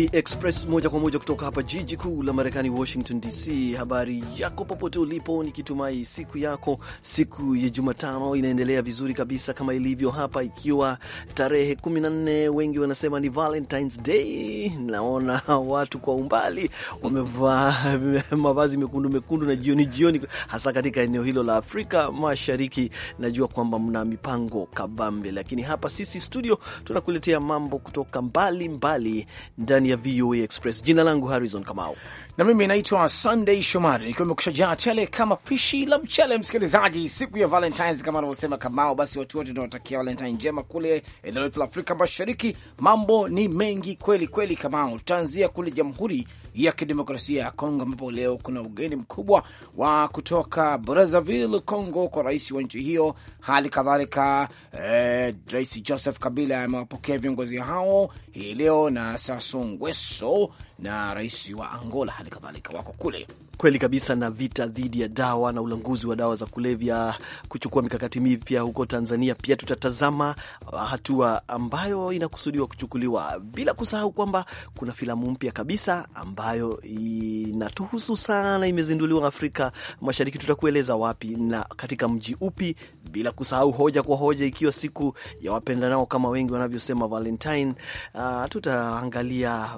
VOA Express moja kwa moja kutoka hapa jiji kuu la Marekani, Washington DC. Habari yako popote ulipo, nikitumai siku yako, siku ya Jumatano inaendelea vizuri kabisa kama ilivyo hapa, ikiwa tarehe 14, wengi wanasema ni Valentines Day. Naona watu kwa umbali wamevaa mavazi mekundu mekundu na jioni jioni, hasa katika eneo hilo la Afrika Mashariki. Najua kwamba mna mipango kabambe, lakini hapa sisi studio tunakuletea mambo kutoka mbali mbali ndani ya VOA Express. Jina langu Harrison Kamau na mimi naitwa Sunday Shomari nikiwa nimekusha jaa tele kama pishi la mchele. Msikilizaji, siku ya Valentines kama anavyosema Kamao, basi watu wote tunawatakia Valentine njema kule eneo letu la Afrika Mashariki. Mambo ni mengi kweli kweli, Kamao. Tutaanzia kule Jamhuri ya Kidemokrasia ya Kongo ambapo leo kuna ugeni mkubwa wa kutoka Brazzaville, Kongo, kwa rais wa nchi hiyo. Hali kadhalika eh, Rais Joseph Kabila amewapokea viongozi hao hii leo na Sassou Nguesso na rais wa Angola hali kadhalika wako kule. Kweli kabisa. Na vita dhidi ya dawa na ulanguzi wa dawa za kulevya, kuchukua mikakati mipya huko Tanzania, pia tutatazama uh, hatua ambayo inakusudiwa kuchukuliwa, bila kusahau kwamba kuna filamu mpya kabisa ambayo inatuhusu sana, imezinduliwa Afrika Mashariki. Tutakueleza wapi na katika mji upi, bila kusahau hoja kwa hoja, ikiwa siku ya wapendanao kama wengi wanavyosema Valentine. Uh, tutaangalia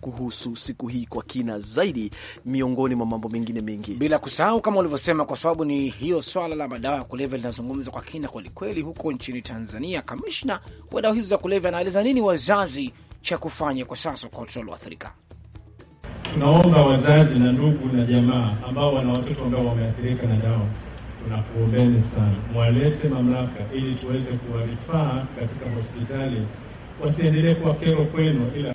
kuhusu siku hii kwa kina zaidi miongoni mwa mambo mambo mengine mengi, bila kusahau kama ulivyosema, kwa sababu ni hiyo swala la madawa ya kulevya linazungumza kwa kina kwelikweli huko nchini Tanzania. Kamishna wa dawa hizo za kulevya anaeleza nini wazazi cha kufanya kwa sasa kwa watoto walioathirika. Tunaomba wazazi na ndugu na jamaa ambao wana watoto ambao wameathirika na dawa, tunakuombeni sana, mwalete mamlaka ili tuweze kuwarifaa katika hospitali, wasiendelee kuwa kero kwenu, ila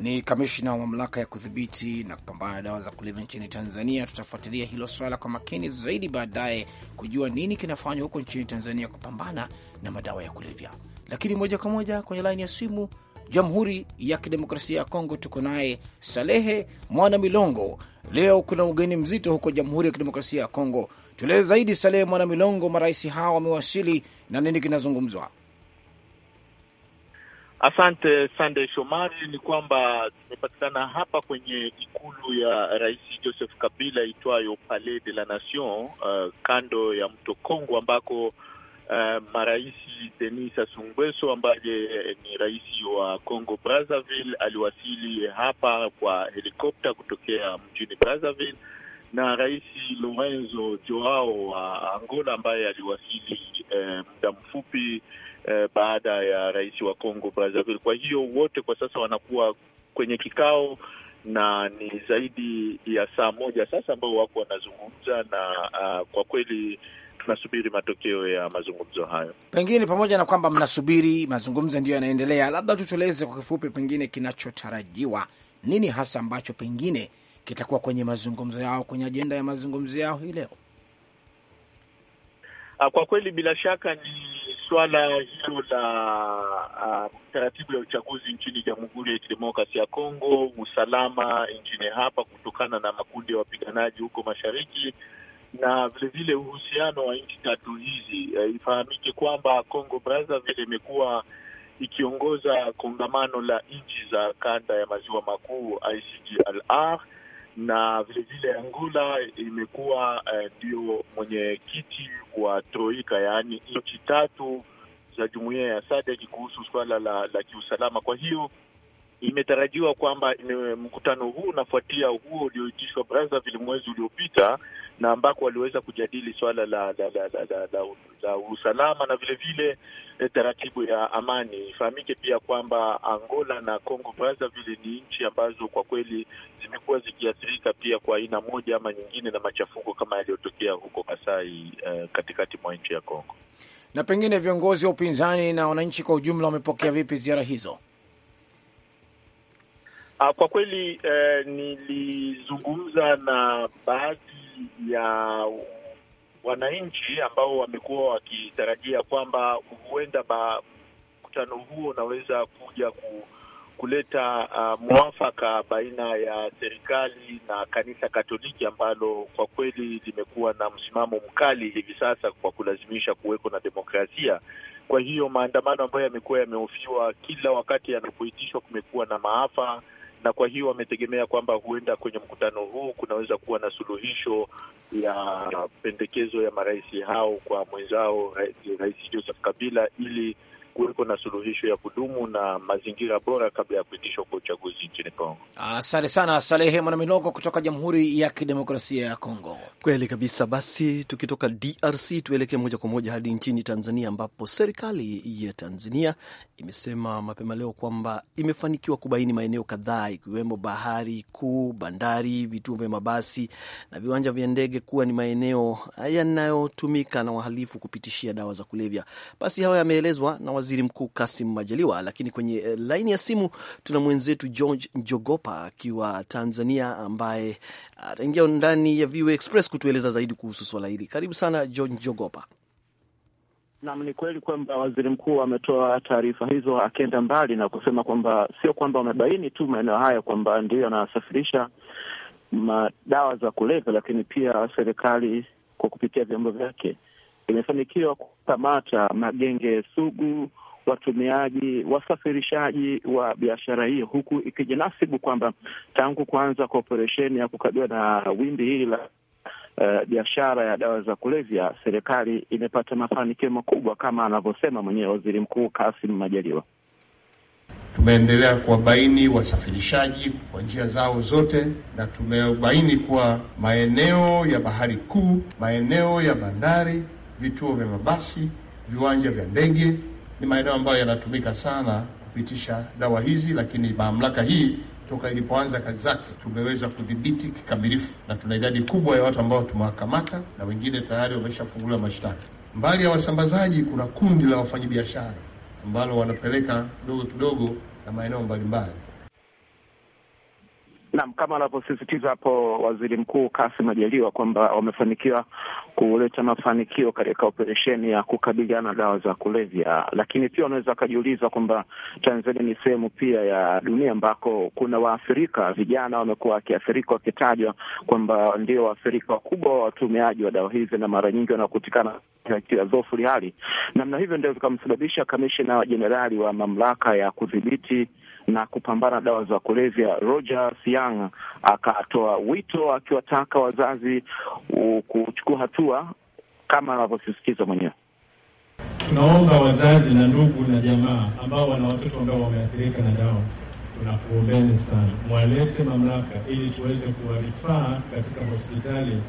ni kamishna wa mamlaka ya kudhibiti na kupambana na dawa za kulevya nchini Tanzania. Tutafuatilia hilo swala kwa makini zaidi baadaye kujua nini kinafanywa huko nchini Tanzania kupambana na madawa ya kulevya. Lakini moja kwa moja kwenye laini ya simu, Jamhuri ya Kidemokrasia ya Kongo, tuko naye Salehe Mwana Milongo. Leo kuna ugeni mzito huko Jamhuri ya Kidemokrasia ya Kongo. Tueleze zaidi, Salehe Mwana Milongo, marais hawa wamewasili na nini kinazungumzwa? Asante Sande Shomari. Ni kwamba tumepatikana hapa kwenye ikulu ya Rais Joseph Kabila itwayo Palais de la Nation, uh, kando ya mto Kongo ambako uh, marais Denis Sassou Nguesso ambaye ni rais wa Congo Brazzaville aliwasili hapa kwa helikopta kutokea mjini Brazzaville, na Rais Lorenzo Joao wa Angola ambaye aliwasili uh, muda um, mfupi eh, baada ya rais wa Congo Brazzaville. Kwa hiyo wote kwa sasa wanakuwa kwenye kikao na ni zaidi ya saa moja sasa ambao wako wanazungumza na uh, kwa kweli tunasubiri matokeo ya mazungumzo hayo. Pengine pamoja na kwamba mnasubiri mazungumzo ndiyo yanaendelea, labda tutueleze kwa kifupi, pengine kinachotarajiwa nini hasa ambacho pengine kitakuwa kwenye mazungumzo yao, kwenye ajenda ya mazungumzo yao hii leo? Ah, kwa kweli bila shaka ni swala hilo la uh, taratibu ya uchaguzi nchini Jamhuri ya Kidemokrasia ya Kongo, usalama nchini hapa kutokana na makundi ya wapiganaji huko mashariki na vilevile uhusiano wa nchi tatu hizi. Uh, ifahamike kwamba Congo Brazzaville imekuwa ikiongoza kongamano la nchi za kanda ya maziwa makuu ICGLR na vilevile Angola imekuwa eh, ndio uh, mwenyekiti wa troika, yaani nchi tatu za jumuiya ya SADC kuhusu suala la, la kiusalama. Kwa hiyo imetarajiwa kwamba eh, mkutano huu unafuatia huo ulioitishwa Brazzaville mwezi uliopita na ambako waliweza kujadili swala la la, la, la, la, la, la usalama na vilevile vile eh, taratibu ya amani. Ifahamike pia kwamba Angola na Congo Brazzaville ni nchi ambazo kwa kweli zimekuwa zikiathirika pia kwa aina moja ama nyingine na machafuko kama yaliyotokea huko Kasai, eh, katikati mwa nchi ya Congo. Na pengine viongozi wa upinzani na wananchi kwa ujumla wamepokea vipi ziara hizo? Ah, kwa kweli eh, nilizungumza na baadhi ya wananchi ambao wamekuwa wakitarajia kwamba huenda mkutano huo unaweza kuja ku, kuleta uh, mwafaka baina ya serikali na kanisa Katoliki ambalo kwa kweli limekuwa na msimamo mkali hivi sasa kwa kulazimisha kuweko na demokrasia. Kwa hiyo maandamano ambayo yamekuwa yamehofiwa, kila wakati yanapoitishwa kumekuwa na maafa na kwa hiyo wametegemea kwamba huenda kwenye mkutano huu kunaweza kuwa na suluhisho ya pendekezo ya marais hao kwa mwenzao Rais Joseph Kabila ili kuweko na suluhisho ya kudumu na mazingira bora kabla ya kuitishwa kwa uchaguzi nchini Kongo. Asante sana Salehe Mwanamilongo kutoka Jamhuri ya Kidemokrasia ya Kongo. Kweli kabisa. Basi tukitoka DRC tuelekee moja kwa moja hadi nchini Tanzania, ambapo serikali ya Tanzania imesema mapema leo kwamba imefanikiwa kubaini maeneo kadhaa ikiwemo bahari kuu, bandari, vituo vya mabasi na viwanja vya ndege kuwa ni maeneo yanayotumika na wahalifu kupitishia dawa za kulevya. Basi hayo yameelezwa na waziri waziri mkuu Kasim Majaliwa. Lakini kwenye eh, laini ya simu tuna mwenzetu George Njogopa akiwa Tanzania, ambaye ah, ataingia ndani ya VOA Express kutueleza zaidi kuhusu swala hili. Karibu sana George Njogopa. Naam, ni kweli kwamba waziri mkuu ametoa taarifa hizo, akienda mbali na kusema kwamba sio kwamba wamebaini tu maeneo hayo kwamba ndiyo yanasafirisha madawa za kulevya, lakini pia serikali kwa kupitia vyombo vyake imefanikiwa kukamata magenge sugu, watumiaji, wasafirishaji wa biashara hiyo, huku ikijinasibu kwamba tangu kuanza kwa operesheni ya kukabiliana na wimbi hili la Uh, biashara ya dawa za kulevya, serikali imepata mafanikio makubwa kama anavyosema mwenyewe Waziri Mkuu Kassim Majaliwa. Tumeendelea kuwabaini wasafirishaji kwa njia zao zote, na tumebaini kuwa maeneo ya bahari kuu, maeneo ya bandari vituo vya mabasi, viwanja vya ndege ni maeneo ambayo yanatumika sana kupitisha dawa hizi, lakini mamlaka hii toka ilipoanza kazi zake tumeweza kudhibiti kikamilifu, na tuna idadi kubwa ya watu ambao tumewakamata na wengine tayari wameshafunguliwa mashtaka. Mbali ya wasambazaji, kuna kundi la wafanyabiashara ambalo wanapeleka kidogo kidogo na maeneo mbalimbali. Naam, kama anavyosisitiza hapo Waziri Mkuu Kassim Majaliwa kwamba wamefanikiwa kuleta mafanikio katika operesheni ya kukabiliana dawa za kulevya, lakini pia wanaweza wakajiuliza kwamba Tanzania ni sehemu pia ya dunia ambako kuna waathirika vijana wamekuwa wakiathirika, wakitajwa kwamba ndio waathirika wakubwa wa watumiaji wa dawa hizi, na mara nyingi wanakutikana akiwa dhofu hali namna hivyo, ndio vikamsababisha kamishina wa jenerali wa mamlaka ya kudhibiti na kupambana dawa za kulevya Roger Siang akatoa wito akiwataka wazazi kuchukua hatua kama anavyosisitiza mwenyewe. Tunaomba wazazi na ndugu na jamaa ambao wana watoto ambao wameathirika na dawa, tunakuombeni sana, mwalete mamlaka ili tuweze kuwarifaa katika hospitali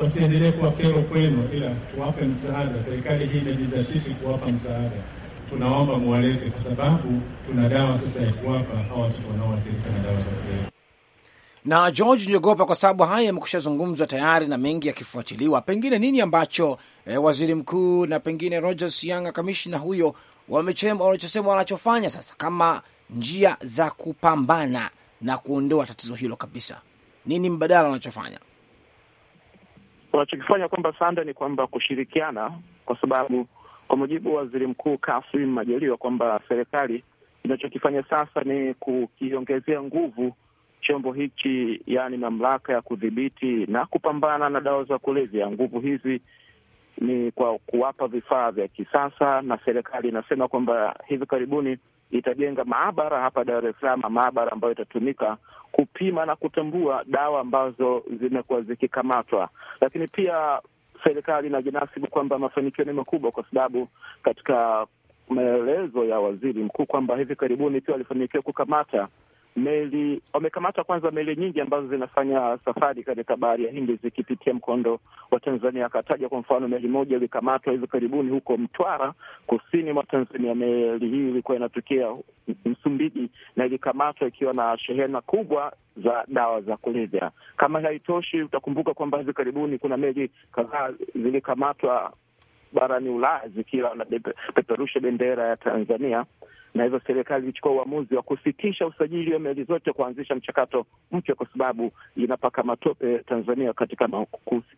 wasiendelee kuwa kero kwenu, ila tuwape msaada. Serikali hii imejizatiti kuwapa msaada tunaomba muwalete, kwa sababu tuna dawa sasa ya kuwapa hawa watoto wanaoathirika na dawa za kulevya. Na George njogopa, kwa sababu haya yamekusha zungumzwa tayari na mengi yakifuatiliwa, pengine nini ambacho eh, waziri mkuu na pengine Rogers Yanga, kamishna huyo wamechema wanachosema wanachofanya sasa kama njia za kupambana na kuondoa tatizo hilo kabisa, nini mbadala wanachofanya? Wanachokifanya kwamba sanda ni kwamba kushirikiana, kwa sababu kwa mujibu wa waziri mkuu Kassim Majaliwa kwamba serikali inachokifanya sasa ni kukiongezea nguvu chombo hichi, yaani mamlaka ya kudhibiti na kupambana na dawa za kulevya. Nguvu hizi ni kwa kuwapa vifaa vya kisasa, na serikali inasema kwamba hivi karibuni itajenga maabara hapa Dar es Salaam, maabara ambayo itatumika kupima na kutambua dawa ambazo zimekuwa zikikamatwa. Lakini pia serikali na jinasibu kwamba mafanikio ni makubwa, kwa sababu katika maelezo ya waziri mkuu kwamba hivi karibuni pia walifanikiwa kukamata meli wamekamata kwanza meli nyingi ambazo zinafanya safari katika bahari ya Hindi zikipitia mkondo wa Tanzania. Akataja kwa mfano meli moja ilikamatwa hivi karibuni huko Mtwara, kusini mwa Tanzania. Meli hii ilikuwa inatokea Msumbiji na ilikamatwa ikiwa na shehena kubwa za dawa za kulevya. Kama haitoshi, utakumbuka kwamba hivi karibuni kuna meli kadhaa zilikamatwa barani Ulaya zikiwa wanapeperusha bendera ya Tanzania na hivyo serikali ilichukua uamuzi wa kusitisha usajili wa meli zote, kuanzisha mchakato mpya, kwa sababu inapaka matope Tanzania katika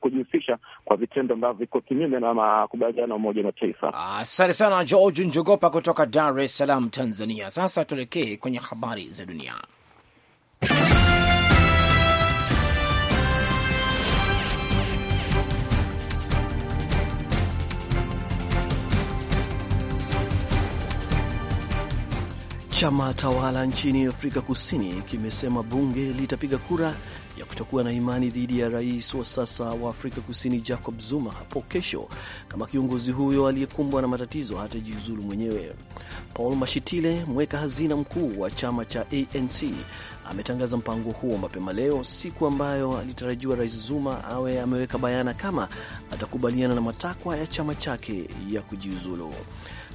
kujihusisha kwa vitendo ambavyo viko kinyume na makubaliano ya Umoja Mataifa. Asante sana George Njogopa kutoka Dar es Salaam, Tanzania. Sasa tuelekee kwenye habari za dunia. Chama tawala nchini Afrika Kusini kimesema bunge litapiga kura ya kutokuwa na imani dhidi ya rais wa sasa wa Afrika Kusini Jacob Zuma hapo kesho, kama kiongozi huyo aliyekumbwa na matatizo hatajiuzulu mwenyewe. Paul Mashitile, mweka hazina mkuu wa chama cha ANC, ametangaza mpango huo mapema leo, siku ambayo alitarajiwa rais Zuma awe ameweka bayana kama atakubaliana na matakwa ya chama chake ya kujiuzulu.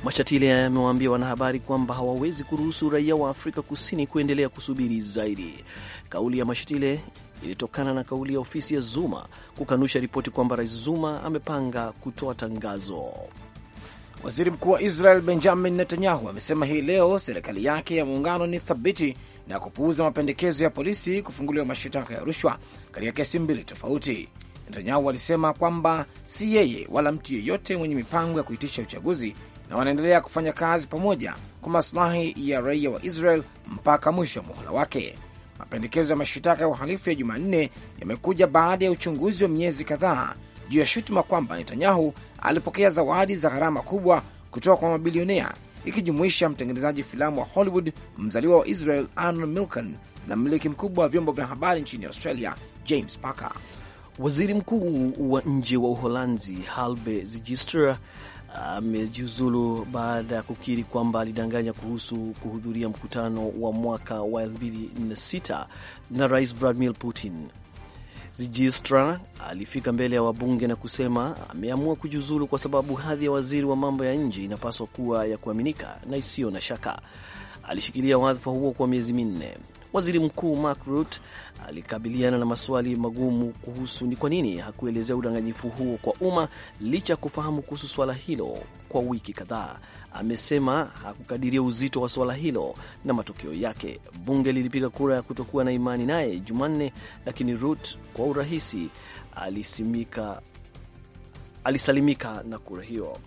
Mashatile yamewaambia wanahabari kwamba hawawezi kuruhusu raia wa Afrika Kusini kuendelea kusubiri zaidi. Kauli ya Mashatile ilitokana na kauli ya ofisi ya Zuma kukanusha ripoti kwamba Rais Zuma amepanga kutoa tangazo. Waziri Mkuu wa Israel Benjamin Netanyahu amesema hii leo serikali yake ya muungano ni thabiti na kupuuza mapendekezo ya polisi kufunguliwa mashitaka ya rushwa katika kesi mbili tofauti. Netanyahu alisema kwamba si yeye wala mtu yeyote mwenye mipango ya kuitisha uchaguzi na wanaendelea kufanya kazi pamoja kwa masilahi ya raia wa Israel mpaka mwisho wa muhula wake. Mapendekezo ya mashitaka ya uhalifu ya Jumanne yamekuja baada ya uchunguzi wa miezi kadhaa juu ya shutuma kwamba Netanyahu alipokea zawadi za gharama kubwa kutoka kwa mabilionea ikijumuisha mtengenezaji filamu wa Hollywood mzaliwa wa Israel Arnon milcon na mmiliki mkubwa wa vyombo vya habari nchini Australia James Packer. Waziri mkuu wa nje wa Uholanzi Halbe Zijlstra amejiuzulu baada ya kukiri kwamba alidanganya kuhusu kuhudhuria mkutano wa mwaka wa 2006 na Rais Vladimir Putin. Zijistra alifika mbele ya wabunge na kusema ameamua kujiuzulu kwa sababu hadhi ya waziri wa mambo ya nje inapaswa kuwa ya kuaminika na isiyo na shaka. Alishikilia wadhifa huo kwa miezi minne. Waziri Mkuu Mark Rutte alikabiliana na maswali magumu kuhusu ni kwa nini hakuelezea udanganyifu huo kwa umma, licha ya kufahamu kuhusu swala hilo kwa wiki kadhaa. Amesema hakukadiria uzito wa swala hilo na matokeo yake. Bunge lilipiga kura ya kutokuwa na imani naye Jumanne, lakini Rutte kwa urahisi alisimika, alisalimika na kura hiyo.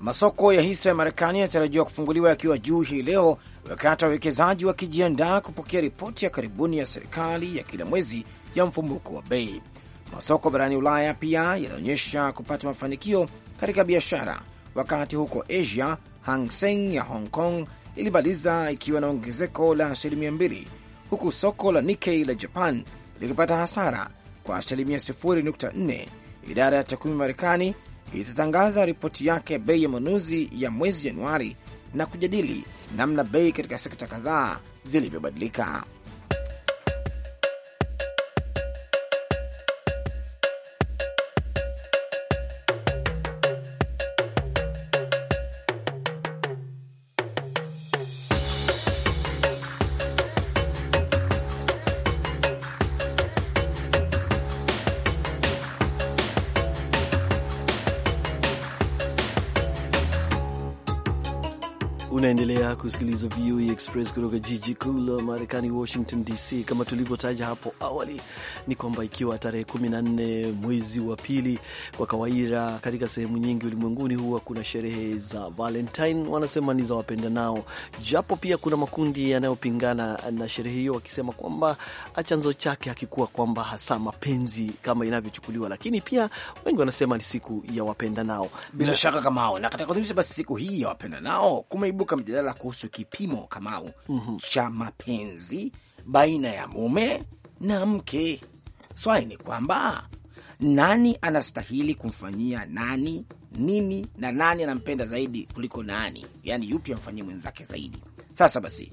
Masoko ya hisa ya Marekani yanatarajiwa kufunguliwa yakiwa juu hii leo, wakati wawekezaji wakijiandaa kupokea ripoti ya karibuni ya serikali ya kila mwezi ya mfumuko wa bei. Masoko barani Ulaya pia yanaonyesha kupata mafanikio katika biashara, wakati huko Asia Hang Seng ya Hong Kong ilimaliza ikiwa na ongezeko la asilimia mbili, huku soko la Nikkei la Japan likipata hasara kwa asilimia 0.4. Idara ya takwimu Marekani itatangaza ripoti yake ya bei ya manunuzi ya mwezi Januari na kujadili namna bei katika sekta kadhaa zilivyobadilika. Unaendelea kusikiliza VOA e Express kutoka jiji kuu la Marekani, Washington DC. Kama tulivyotaja hapo awali, ni kwamba ikiwa tarehe 14 mwezi wa pili, kwa kawaida katika sehemu nyingi ulimwenguni huwa kuna sherehe za Valentine, wanasema ni za wapenda nao, japo pia kuna makundi yanayopingana na sherehe hiyo, wakisema kwamba chanzo chake hakikuwa kwamba hasa mapenzi kama inavyochukuliwa, lakini pia wengi wanasema ni siku ya wapenda nao. Bila shaka kama hao na katika kuadhimisha basi siku hii ya wapenda nao kumeibuka mjadala kuhusu kipimo Kamau mm -hmm. cha mapenzi baina ya mume na mke. Swali ni kwamba nani anastahili kumfanyia nani nini na nani anampenda zaidi kuliko nani, yaani yupi amfanyie mwenzake zaidi. Sasa basi,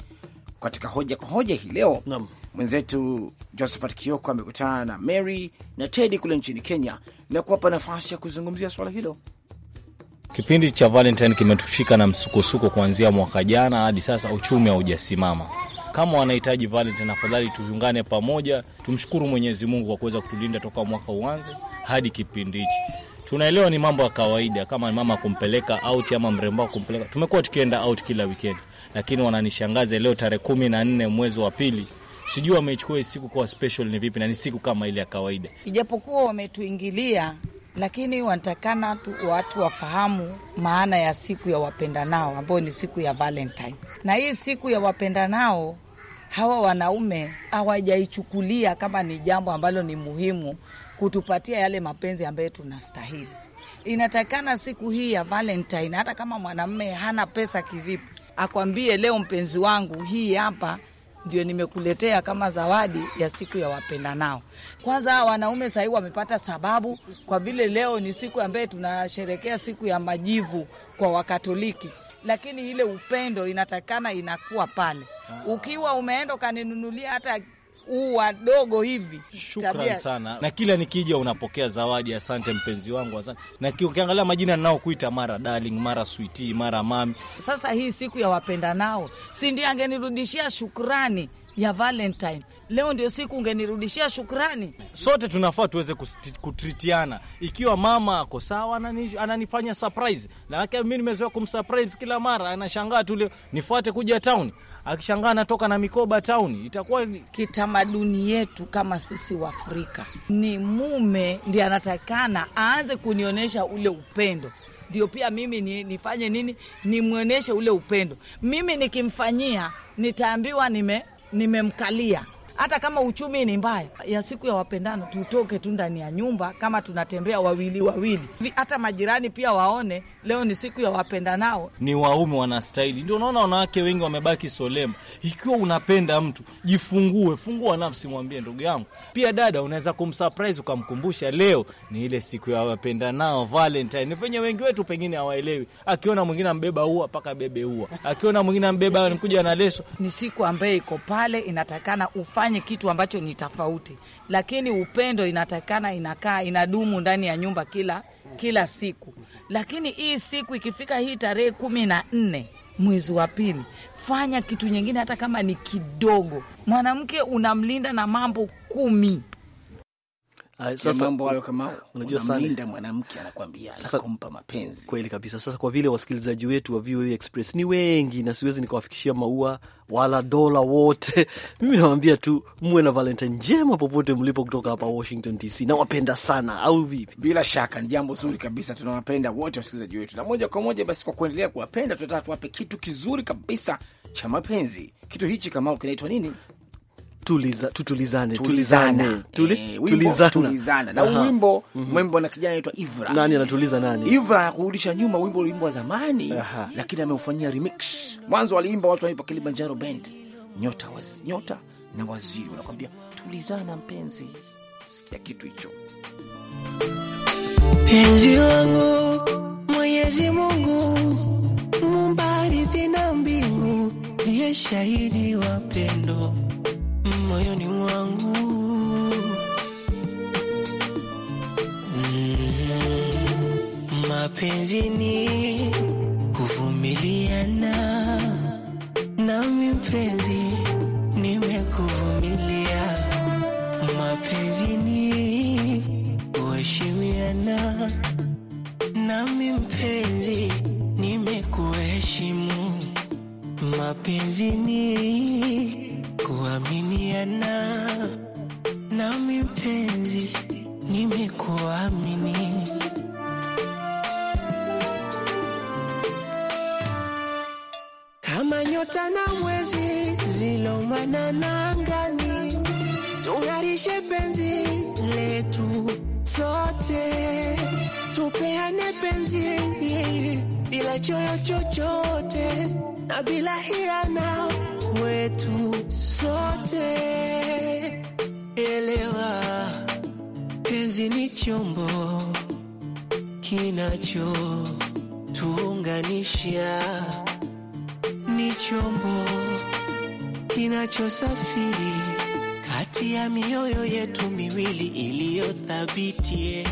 katika hoja kwa hoja hii leo Naam. mwenzetu Josephat Kioko amekutana na Mary na tedi kule nchini Kenya na kuwapa nafasi ya kuzungumzia swala hilo. Kipindi cha Valentine kimetushika na msukosuko kuanzia mwaka jana hadi sasa, uchumi haujasimama. Kama wanahitaji Valentine, afadhali tuungane pamoja, tumshukuru Mwenyezi Mungu kwa kuweza kutulinda toka mwaka uanze hadi kipindi hichi. Tunaelewa ni mambo ya kawaida, kama mama kumpeleka out ama mrembo kumpeleka. Tumekuwa tukienda out kila weekend, lakini wananishangaza leo tarehe kumi na nne mwezi wa pili sijui wameichukua siku kwa special ni vipi, na ni siku kama ile ya kawaida, ijapokuwa wametuingilia lakini wanatakana tu watu wafahamu maana ya siku ya wapendanao ambayo ni siku ya Valentine. Na hii siku ya wapendanao hawa wanaume hawajaichukulia kama ni jambo ambalo ni muhimu kutupatia yale mapenzi ambayo tunastahili. Inatakana siku hii ya Valentine, hata kama mwanamme hana pesa kivipi, akwambie leo mpenzi wangu, hii hapa ndio nimekuletea kama zawadi ya siku ya wapenda nao. Kwanza wanaume sahii wamepata sababu, kwa vile leo ni siku ambaye tunasherekea siku ya majivu kwa Wakatoliki, lakini ile upendo inatakikana inakuwa pale. Ah. Ukiwa umeenda ukaninunulia hata huu wadogo hivi. shukran sana, na kila nikija unapokea zawadi. Asante mpenzi wangu, asante. Na ukiangalia majina ninaokuita mara darling, mara sweetie, mara mami. Sasa hii siku ya nao, si ndiye angenirudishia shukrani ya Valentine leo ndio siku ungenirudishia shukrani. Sote tunafaa tuweze kutritiana, ikiwa mama ako sawa ananifanya surprise, lakini mi nimezoea kumsurprise kila mara, anashangaa tu leo nifuate kuja tauni akishangaa anatoka na mikoba tauni Itakuwa kitamaduni yetu kama sisi Waafrika, ni mume ndiye anatakana aanze kunionyesha ule upendo ndio pia mimi ni, nifanye nini, nimwonyeshe ule upendo. Mimi nikimfanyia nitaambiwa nime nimemkalia hata kama uchumi ni mbaya, ya siku ya wapendano tutoke tu ndani ya nyumba, kama tunatembea wawili wawili, hata majirani pia waone leo ni siku ya wapendanao. Ni waume wanastahili. Ndio unaona wanawake wengi wamebaki solema. Ikiwa unapenda mtu jifungue, fungua nafsi, mwambie ndugu yangu. Pia dada, unaweza kumsurprise ukamkumbusha, leo ni ile siku ya wapendanao, Valentine. Venye wengi wetu pengine hawaelewi, akiona mwingine ambeba ua paka bebe ua, akiona mwingine ambeba nikuja na leso. Ni siku ambayo iko pale, inatakana ufanye nifanye kitu ambacho ni tofauti, lakini upendo inatakikana inakaa inadumu ndani ya nyumba kila kila siku. Lakini hii siku ikifika hii tarehe kumi na nne mwezi wa pili, fanya kitu nyingine, hata kama ni kidogo. Mwanamke unamlinda na mambo kumi kweli kabisa. Sasa kwa vile wasikilizaji wetu wa VOA Express ni wengi, na siwezi nikawafikishia maua wala dola wote, mimi nawaambia tu muwe na Valentine njema popote mlipo, kutoka hapa Washington DC. Nawapenda sana, au vipi? Bila shaka ni jambo zuri kabisa, tunawapenda wote wasikilizaji wetu. Na moja kwa moja basi, kwa kuendelea kuwapenda, tunataka tuwape kitu kizuri kabisa cha mapenzi. Kitu hichi kama kinaitwa nini? Tuliza, tutulizane, tulizane, e, tulizana na huu wimbo mhm. na kijana anaitwa Ivra. Nani anatuliza nani? Ivra nyuma wimbo wimbo wa zamani, lakini ameufanyia remix. Mwanzo waliimba watu wanaimba Kilimanjaro Band, nyota wazi, nyota na waziri wanakuambia tulizana mpenzi, sikia kitu hicho penzi wangu Mwenyezi Mungu mumbarithi na mbingu ndiye shahidi wa pendo moyoni mwangu mm, mapenzi ni angani, tung'arishe penzi letu sote, tupeane penzi bila choyo chochote na bila hiana wetu sote. Elewa, penzi ni chombo kinachotuunganisha, ni chombo kinachosafiri kati ya mioyo yetu miwili iliyothabiti.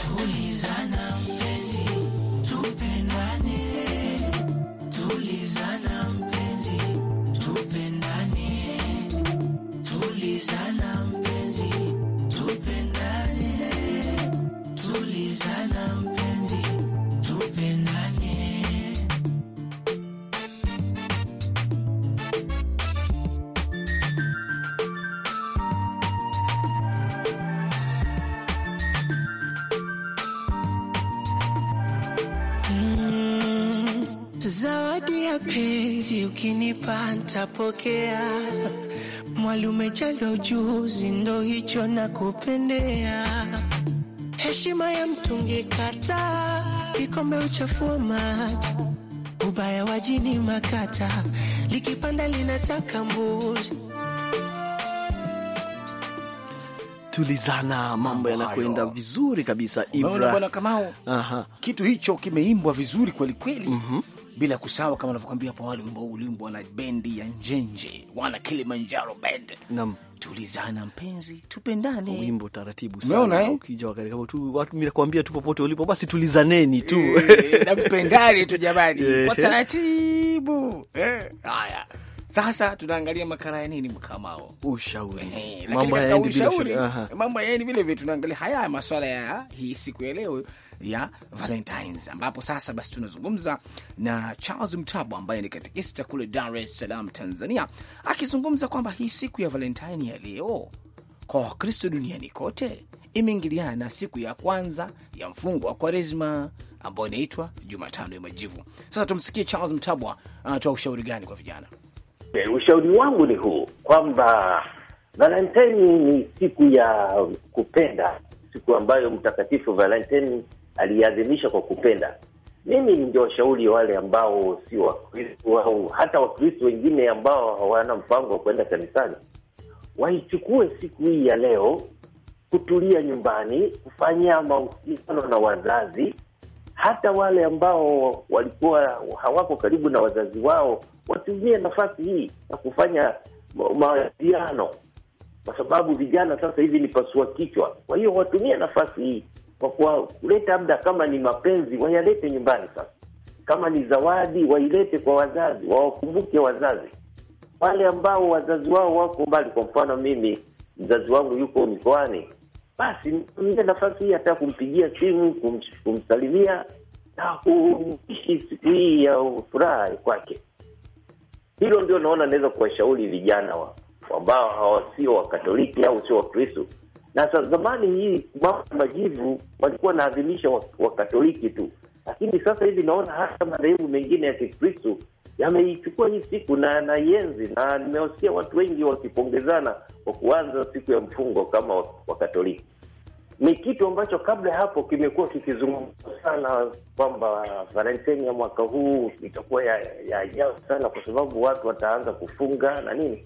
Tulizana mpenzi, tupendane, tulizana mpenzi. Mm, zawadi ya penzi ukinipa ntapokea. Mwalume jali juzi ndo hicho na kupendea Heshima ya mtungi kata kikombe uchafua maji, ubaya wa jini makata, likipanda linataka mbuzi. Tulizana, mambo yanakwenda vizuri kabisa. Ibra bwana Kamau, aha, kitu hicho kimeimbwa vizuri kweli kweli, mm -hmm. Bila kusahau kama anavyokwambia hapo, wale wimbo ulimbwa na bendi ya Njenje wana Kilimanjaro band, naam tulizana mpenzi, tupendane, wimbo taratibu sana. Eh? Ukija wakati kama tu watu mimi nakwambia tu, popote ulipo basi tulizaneni tu eh, eh, na mpendane tu jamani, kwa taratibu. Haya. Sasa tunaangalia makala ya nini mkamao, ushauri mambo ya ushauri, mambo ya vile vile tunaangalia haya masuala ya hii siku ya leo ya Valentines, ambapo sasa basi tunazungumza na Charles Mtabo ambaye ni katikista kule Dar es Salaam, Tanzania, akizungumza kwamba hii siku ya Valentine ya leo kwa Wakristo duniani kote imeingiliana na siku ya kwanza ya mfungo wa Kwaresma ambayo inaitwa Jumatano ya Majivu. Sasa tumsikie Charles Mtabwa anatoa ushauri gani kwa vijana. E, ushauri wangu ni huu kwamba Valentini ni siku ya kupenda, siku ambayo Mtakatifu valentin aliadhimisha kwa kupenda. Mimi ningewashauri wale ambao sio Wakristo au hata Wakristo wengine ambao hawana mpango wa kuenda kanisani waichukue siku hii ya leo kutulia nyumbani, kufanya mahusiano na wazazi hata wale ambao walikuwa hawako karibu na wazazi wao watumie nafasi hii ya kufanya mawasiliano, kwa sababu vijana sasa hivi ni pasua kichwa. Kwa hiyo watumie nafasi hii kwa kuleta labda, kama ni mapenzi wayalete nyumbani sasa, kama ni zawadi wailete kwa wazazi, wawakumbuke wazazi wale ambao wazazi wao wako mbali. Kwa mfano mimi mzazi wangu yuko mikoani, basi mpe nafasi hii hata kumpigia simu, kumsalimia na kuishi siku hii ya furaha kwake. Hilo ndio naona naweza kuwashauri vijana wa ambao hawasio Wakatoliki au sio Wakristo. Na zamani hii mambo ya majivu walikuwa wanaadhimisha Wakatoliki tu, lakini sasa hivi naona hata madhehebu mengine ya Kikristo yameichukua hii siku na naienzi, na nimewasikia watu wengi wakipongezana kwa kuanza siku ya mfungo kama Wakatoliki. Ni kitu ambacho kabla ya hapo kimekuwa kikizungumza sana kwamba Valentini ya mwaka huu itakuwa ya ajabu sana, kwa sababu watu wataanza kufunga na nini,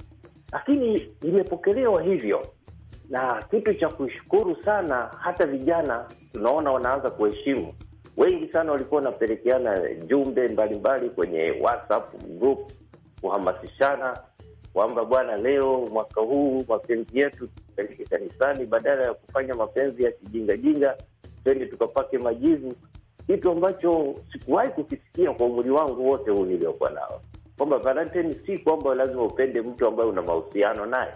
lakini imepokelewa hivyo na kitu cha kushukuru sana. Hata vijana tunaona wanaanza kuheshimu wengi sana walikuwa wanapelekeana jumbe mbalimbali kwenye WhatsApp group kuhamasishana kwamba bwana, leo mwaka huu mapenzi yetu tupeleke kanisani, badala ya kufanya mapenzi ya kijingajinga, twende tukapake majivu, kitu ambacho sikuwahi kukisikia kwa umri wangu wote huu niliokuwa nao, kwamba valentine si kwamba lazima upende mtu ambaye una mahusiano naye.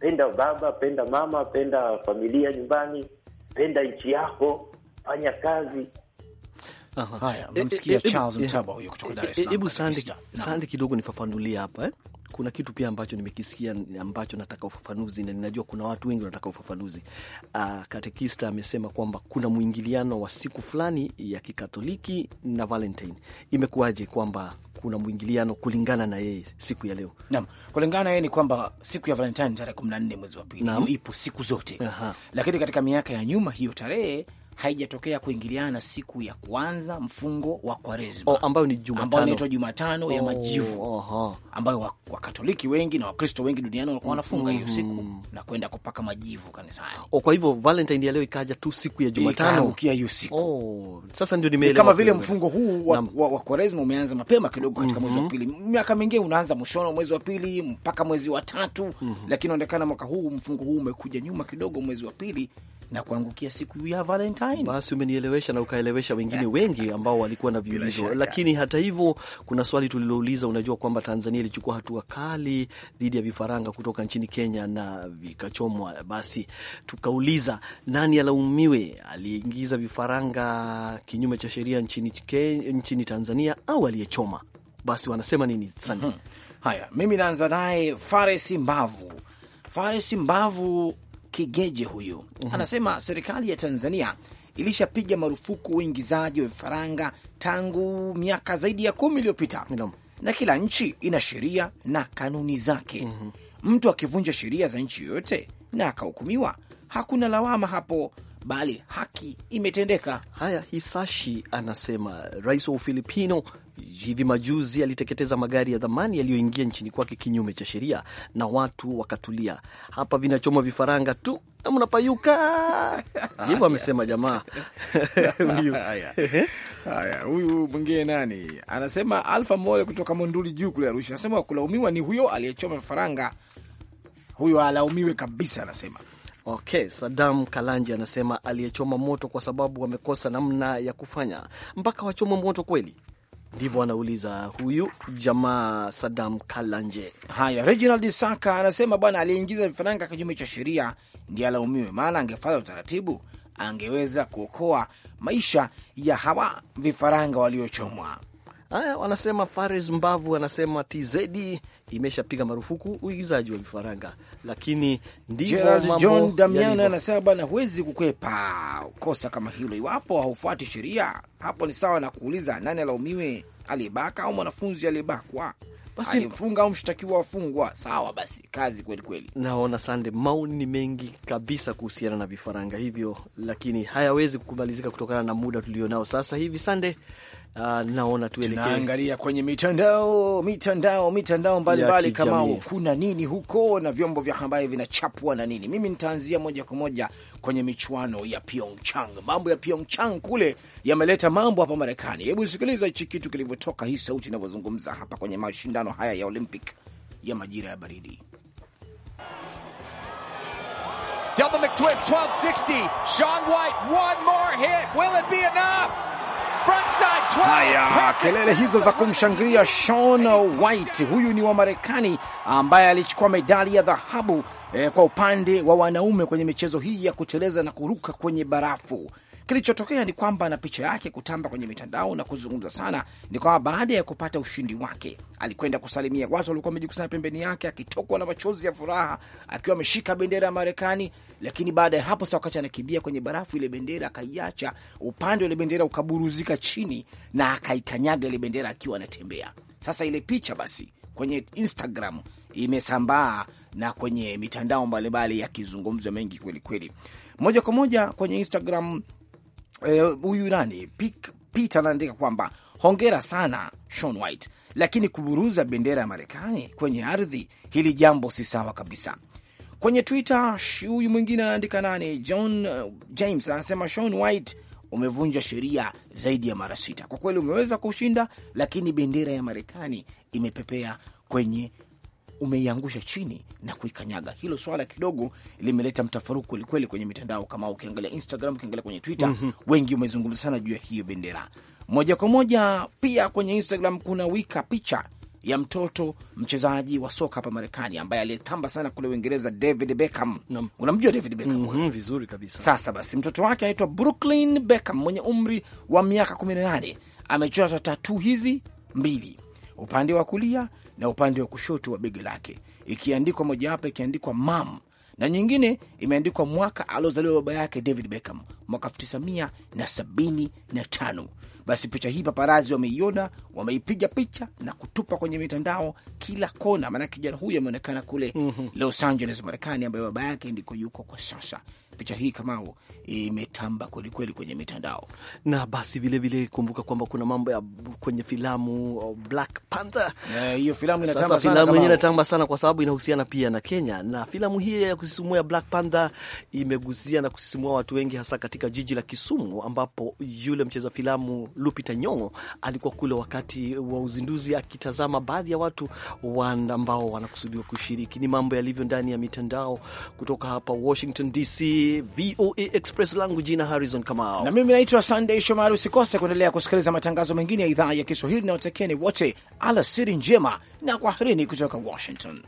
Penda baba, penda mama, penda familia nyumbani, penda nchi yako, fanya kazi Haya, e, e, e, Charles Mtaba huyo kutoka Dar es Salaam. Hebu sande kidogo nifafanulie hapa eh. Kuna kitu pia ambacho nimekisikia ambacho nataka ufafanuzi na ninajua kuna watu wengi wanataka ufafanuzi. Uh, katekista amesema kwamba kuna mwingiliano wa siku fulani ya Kikatoliki na Valentine. Imekuwaje kwamba kuna mwingiliano kulingana na yeye siku ya leo? Naam, kulingana na yeye ni kwamba siku ya Valentine tarehe kumi na nne mwezi wa pili ipo siku zote. Aha. Lakini katika miaka ya nyuma hiyo tarehe haijatokea kuingiliana siku ya kwanza mfungo wa Kwaresma oh, ambayo ni Jumatano, ambayo inaitwa Jumatano ya oh, Majivu oh, oh, oh, ambayo Wakatoliki wengi na Wakristo wengi duniani walikuwa wanafunga hiyo mm, siku na kwenda kupaka majivu kanisani oh, kwa hivyo Valentine ya leo ikaja tu siku ya Jumatano ikia hiyo siku oh, sasa ndio nimeelewa kama vile mfungo huu wa, wa, wa Kwaresma umeanza mapema kidogo katika mm -hmm. mwezi wa mhm. pili. Miaka mingine unaanza mwishoni mwezi wa pili mpaka mwezi wa tatu mm -hmm. lakini inaonekana mwaka huu mfungo huu umekuja nyuma kidogo mwezi wa pili na kuangukia siku ya Valentine basi umenielewesha na ukaelewesha wengine wengi ambao walikuwa na viulizo, lakini hata hivyo kuna swali tulilouliza. Unajua kwamba Tanzania ilichukua hatua kali dhidi ya vifaranga kutoka nchini Kenya na vikachomwa. Basi tukauliza nani alaumiwe, aliingiza vifaranga kinyume cha sheria nchini, nchini Tanzania au aliyechoma? Basi wanasema nini? Sande. mm -hmm. Haya, mimi naanza naye Fares Mbavu. Fares Mbavu Kigeje huyu mm -hmm. Anasema serikali ya Tanzania ilishapiga marufuku uingizaji wa vifaranga tangu miaka zaidi ya kumi iliyopita na kila nchi ina sheria na kanuni zake mm -hmm. Mtu akivunja sheria za nchi yoyote na akahukumiwa, hakuna lawama hapo bali haki imetendeka. Haya, Hisashi anasema rais wa Ufilipino hivi majuzi aliteketeza magari ya dhamani yaliyoingia nchini kwake kinyume cha sheria na watu wakatulia. Hapa vinachomwa vifaranga tu na mnapayuka hivyo, amesema jamaa huyu. Haya, huyu mwingine nani anasema, Alfa Mole kutoka Monduli juu kule Arusha anasema wakulaumiwa ni huyo aliyechoma vifaranga, huyo alaumiwe kabisa, anasema Okay, Sadam Kalanji anasema aliyechoma moto kwa sababu wamekosa namna ya kufanya mpaka wachoma moto kweli. Ndivyo anauliza huyu jamaa Sadam Kalanje. Haya, Reginald Saka anasema bwana aliyeingiza vifaranga kinyume cha sheria ndiye alaumiwe, maana angefanya utaratibu angeweza kuokoa maisha ya hawa vifaranga waliochomwa. Haya, wanasema Faris Mbavu anasema tizedi imeshapiga marufuku uigizaji wa vifaranga, lakini ndivyo John anasema, bana, huwezi kukwepa kosa kama hilo iwapo haufuati sheria. Hapo ni sawa na kuuliza nani alaumiwe, aliyebaka au mwanafunzi aliyebakwa? Basi mfunga au mshtakiwa wafungwa? Sawa, basi kazi kweli kweli. Naona sande, maoni mengi kabisa kuhusiana na vifaranga hivyo, lakini hayawezi kumalizika kutokana na muda tulionao sasa hivi, sande Uh, naona tuelekee, tunaangalia kwenye mitandao mitandao mitandao mbalimbali, kama kuna nini huko na vyombo vya habari vinachapwa na nini. Mimi nitaanzia moja kwa moja kwenye michuano ya Pyeongchang. Mambo ya Pyeongchang kule yameleta mambo hapa Marekani. Hebu sikiliza hichi kitu kilivyotoka, hii sauti inavyozungumza hapa kwenye mashindano haya ya Olympic ya majira ya baridi. Double McTwist 1260 Sean White one more hit will it be enough Haya, kelele hizo za kumshangilia Shaun White, huyu ni wa Marekani ambaye alichukua medali ya dhahabu eh, kwa upande wa wanaume kwenye michezo hii ya kuteleza na kuruka kwenye barafu. Kilichotokea ni kwamba na picha yake kutamba kwenye mitandao na kuzungumza sana, ni kwamba baada ya kupata ushindi wake alikwenda kusalimia watu waliokuwa wamejikusanya pembeni yake, akitokwa na machozi ya furaha, akiwa ameshika bendera ya Marekani. Lakini baada ya hapo sa, wakati anakimbia kwenye barafu, ile bendera akaiacha upande, ile bendera ukaburuzika chini na akaikanyaga ile bendera akiwa anatembea. Sasa ile picha basi kwenye Instagram imesambaa na kwenye mitandao mbalimbali, yakizungumzwa mengi kwelikweli Moja kwa moja kwenye Instagram Eh, huyu e, nani Peter anaandika kwamba hongera sana Shaun White, lakini kuburuza bendera ya Marekani kwenye ardhi, hili jambo si sawa kabisa. Kwenye Twitter huyu mwingine anaandika nani, John eh, James anasema Shaun White umevunja sheria zaidi ya mara sita. Kwa kweli umeweza kushinda, lakini bendera ya Marekani imepepea kwenye umeiangusha chini na kuikanyaga. Hilo swala kidogo limeleta mtafaruku kwelikweli kwenye mitandao, kama ukiangalia Instagram, ukiangalia kwenye Twitter mm -hmm. wengi umezungumza sana juu ya hiyo bendera moja kwa moja. Pia kwenye Instagram kuna wika picha ya mtoto mchezaji wa soka hapa Marekani ambaye aliyetamba sana kule Uingereza, David Beckham. Unamjua David Beckham? mm -hmm, vizuri kabisa. Sasa basi mtoto wake anaitwa Brooklyn Beckham mwenye umri wa miaka 18 amechora tatuu hizi mbili upande wa kulia na upande wa kushoto wa begi lake, ikiandikwa mojawapo ikiandikwa mam na nyingine imeandikwa mwaka aliozaliwa baba yake David Beckham mwaka 1975. Basi picha hii paparazi wameiona, wameipiga picha na kutupa kwenye mitandao kila kona, maanake kijana huyu ameonekana kule mm -hmm. Los Angeles, Marekani, ambayo baba yake ndiko yuko kwa sasa picha hii kama imetamba kwelikweli kwenye mitandao. Na basi vilevile vile kumbuka kwamba kuna mambo ya kwenye filamu uh, Black Panther. Eh, hiyo filamu inatamba sana, filamu yenyewe inatamba sana kwa sababu inahusiana pia na Kenya, na filamu hii ya kusisimua ya Black Panther imegusia na kusisimua watu wengi, hasa katika jiji la Kisumu ambapo yule mcheza filamu Lupita Nyong'o alikuwa kule wakati wa uzinduzi akitazama baadhi ya watu ambao wanakusudiwa kushiriki. Ni mambo yalivyo ndani ya mitandao kutoka hapa Washington DC. VOA Express, langu jina Harrison Kamau, na mimi naitwa Sunday Shomari. Usikose kuendelea kusikiliza matangazo mengine ya idhaa ya Kiswahili, na wote alasiri njema na kwaherini kutoka Washington.